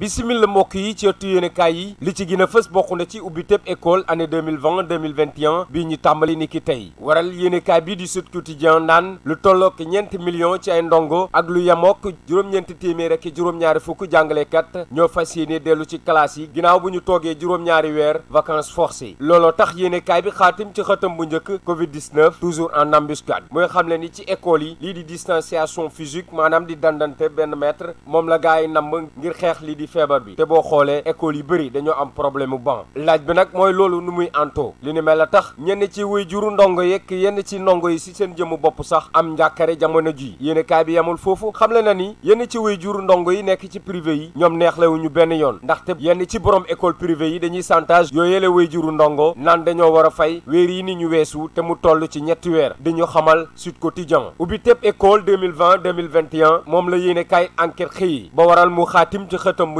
bisimila mbokk yi ci ëttu yéenekaay yi li ci gën a fës bokk na ci ubbi tëb école année 2020 2021 bii ñu tàmbali ni ki tey waral yéenekaay bii di Sud Quotidien naan lu tollook ñeenti million ci ay ndongo ak lu yemook juróom-ñeenti téeméer ak juróom-ñaari fukk jàngalekat ñoo fas yéene dellu ci classe yi ginnaaw bu ñu toogee juróom-ñaari weer vacances forcées looloo tax yéenekaay bi xaatim ci xëtam bu njëkk covid 19 toujours en embuscade mooy xam ne ni ci école yi lii di distanciation physique maanaam di dandante benn mètre moom la gaa yi namb ngir xeex lii di feebar bi te boo xoolee école yi bëri dañoo am problème ban laaj bi nag mooy loolu nu muy antoo li ni mel la tax ñenn ci wuy juru ndongo yekk yenn ci ndongo yi si seen jëmu bopp sax am njàkkare jamono ji yéene kaay bi yamul foofu xamle na ni yenn ci wuy juru ndongo yi nekk ci privé yi ñoom neexlewuñu benn yoon ndaxte yenn ci borom école privée yi dañuy santage yooyee la wuy juru ndongo naan dañoo war a fay weer yi ni ñu weesu te mu toll ci ñetti weer xamal Sud Quotidien ubbi tëb école 2020 2021 moom la yéene kaay enquête xëy ba waral mu xaatim ci xëtam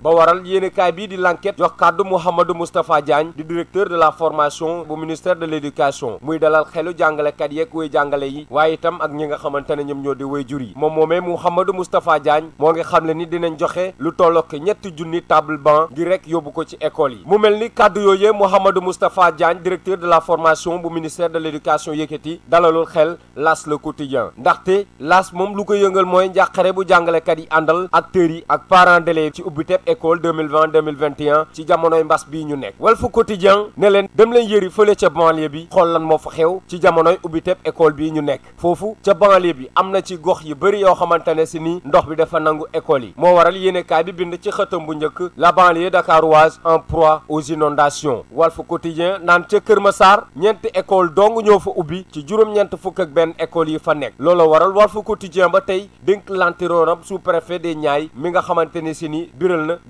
ba waral yéenekaay bii di l'enquête jox kàddu Mouhamadou Moustapha Diagne di directeur de la formation bu ministère de l'éducation muy dalal xelu jàngalekat yeeg woy jàngale yi waaye itam ak ñi nga xamante ne ñoom ñoo di woy jur yi moom moomee Mouhamadou Moustapha Diagne moo ngi xamle ni dinañ joxe lu tollook ñetti junni table banc ngir rek yóbbu ko ci école yi mu mel ni kàddu yooyee Mouhamadou Moustapha Diagne directeur de la formation bu ministère de l'éducation yëkkati dalalul xel las le quotidien ndaxte las moom lu ko yëngal mooy njàqare bu jàngalekat yi àndal acteurs yi ak parents d'élèves ci école 2020 2021 ci jamonoy mbass bi ñu Quotidien ne leen dem leen yëri feulé ci banlieue bi xol lan mo fa xew ci jamonoy ubitep école bi ñu nekk fofu ci banlieue bi amna ci gox yu bëri yo xamantene ndox bi dafa nangu école yi mo waral bi bind ci bu la banlieue dakaroise en proie aux inondations Walfo Quotidien Nante ci Kër Massar école dong ñoo fa ubbi ci Lolo ñent fuk ak école yi fa waral walfo Quotidien ba tey dénk de sous-préfet des Niayes mi nga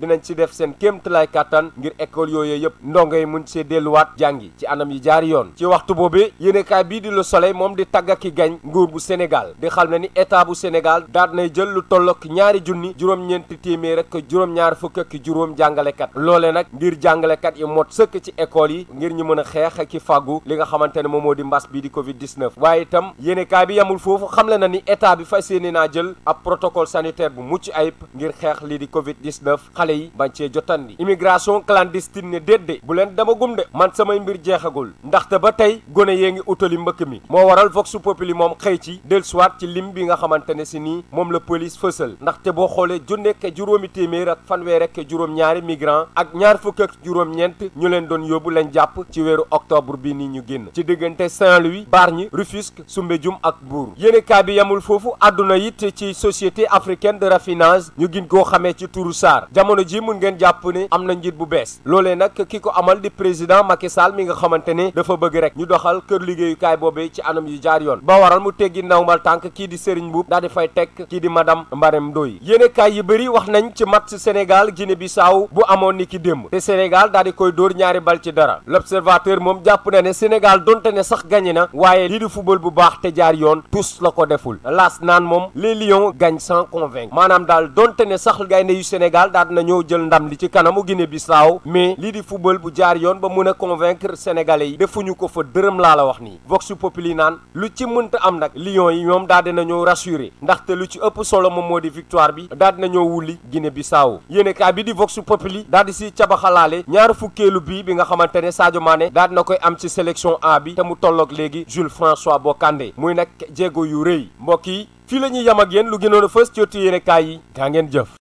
dinañ ci def seen kéemtalaay katan ngir école yooyu yëpp ndongay mun see delluwaat jàngi ci anam yi jaar yoon ci waxtu boobu yéenekaay bii di Le Soleil moom di tàgg ki gañ nguur bu Sénégal di xam ne ni état bu Sénégal daat nay jël lu tollook ñaari junni juróom-ñeenti téeméer ak juróom-ñaar fukk ak juróom jàngalekat loole nag ngir jàngalekat yi mot sëkk ci école yi ngir ñu mën a xeex ak fàggu li nga xamante ne moom moo di mbas bii di covid 19 waaye itam yéenekaay bi yamul foofu xamle na ni état bi fas yéene naa jël ab protocole sanitaire bu mucc ayib ngir xeex lii di covid 19 xale yi bañ cee jotandi immigration clandestine ne déedéet bu leen demagum de man samay mbir jeexagul ndaxte ba tey gone yee ngi utali mbëkk mi moo waral vox populi moom xëy ci dellusiwaat ci lim bi nga xamante ne si nii moom la police fësal ndaxte boo xoolee junnekke juróomi téeméer ak fanweer ak juróom-ñaari migrant ak ñaar fukk ak juróom-ñeent ñu leen doon yóbbu lañ jàpp ci weeru octobre bi nii ñu génn ci diggante Saint-Louis Bargny Rufisque Soumbédioune ak Mbour yéenekaay bi yamul foofu àdduna it ci société africaine de ñu gin koo xamee ci turu jamono ji mun ngeen jàpp ne am na njiit bu bees loolee nag ki ko amal di président Macky mi nga xamante ne dafa bëgg rek ñu doxal kër liggéeyukaay boobee ci anam yu jaar yoon ba waral mu teggi ndawmal tànk kii di Serigne Mboup daal di fay teg kii di madame Mbarem Ndoye yéenekaay yi bari wax nañ ci match Sénégal Guinée Bissau bu amoon ni ki démb te Sénégal daal di koy dóor ñaari bal ci dara l'observateur moom jàpp na ne Sénégal donte ne sax gagné na waaye lii di football bu baax te jaar yoon tous la ko deful laas moom les lions gagnent sans maanaam daal donte ne sax yu Sénégal daal dañoo jël ndam li ci kanamu Guinée Bissau mais lii di football bu jaar yoon ba mën a convaincre sénégalais yi defuñu ko fa dërëm laa la wax nii vox populi naan lu ci mënta am nag lions yi ñoom daal dinañoo rassuré ndaxte lu ci ëpp solo moom di victoire bi daal dinañoo wulli Guinée Bissau yéenekaay bi di vox populi daal di si cabaxalaale ñaar fukkeelu bii bi nga xamante ne Sadio Mané daal dina koy am ci sélection A bi te mu tollook léegi Jules François Bocandé muy nag jéego yu rëy mbokk yi fii la ñuy yam ak yéen lu gënoon a fës ci yéenekaay yi daa ngeen jëf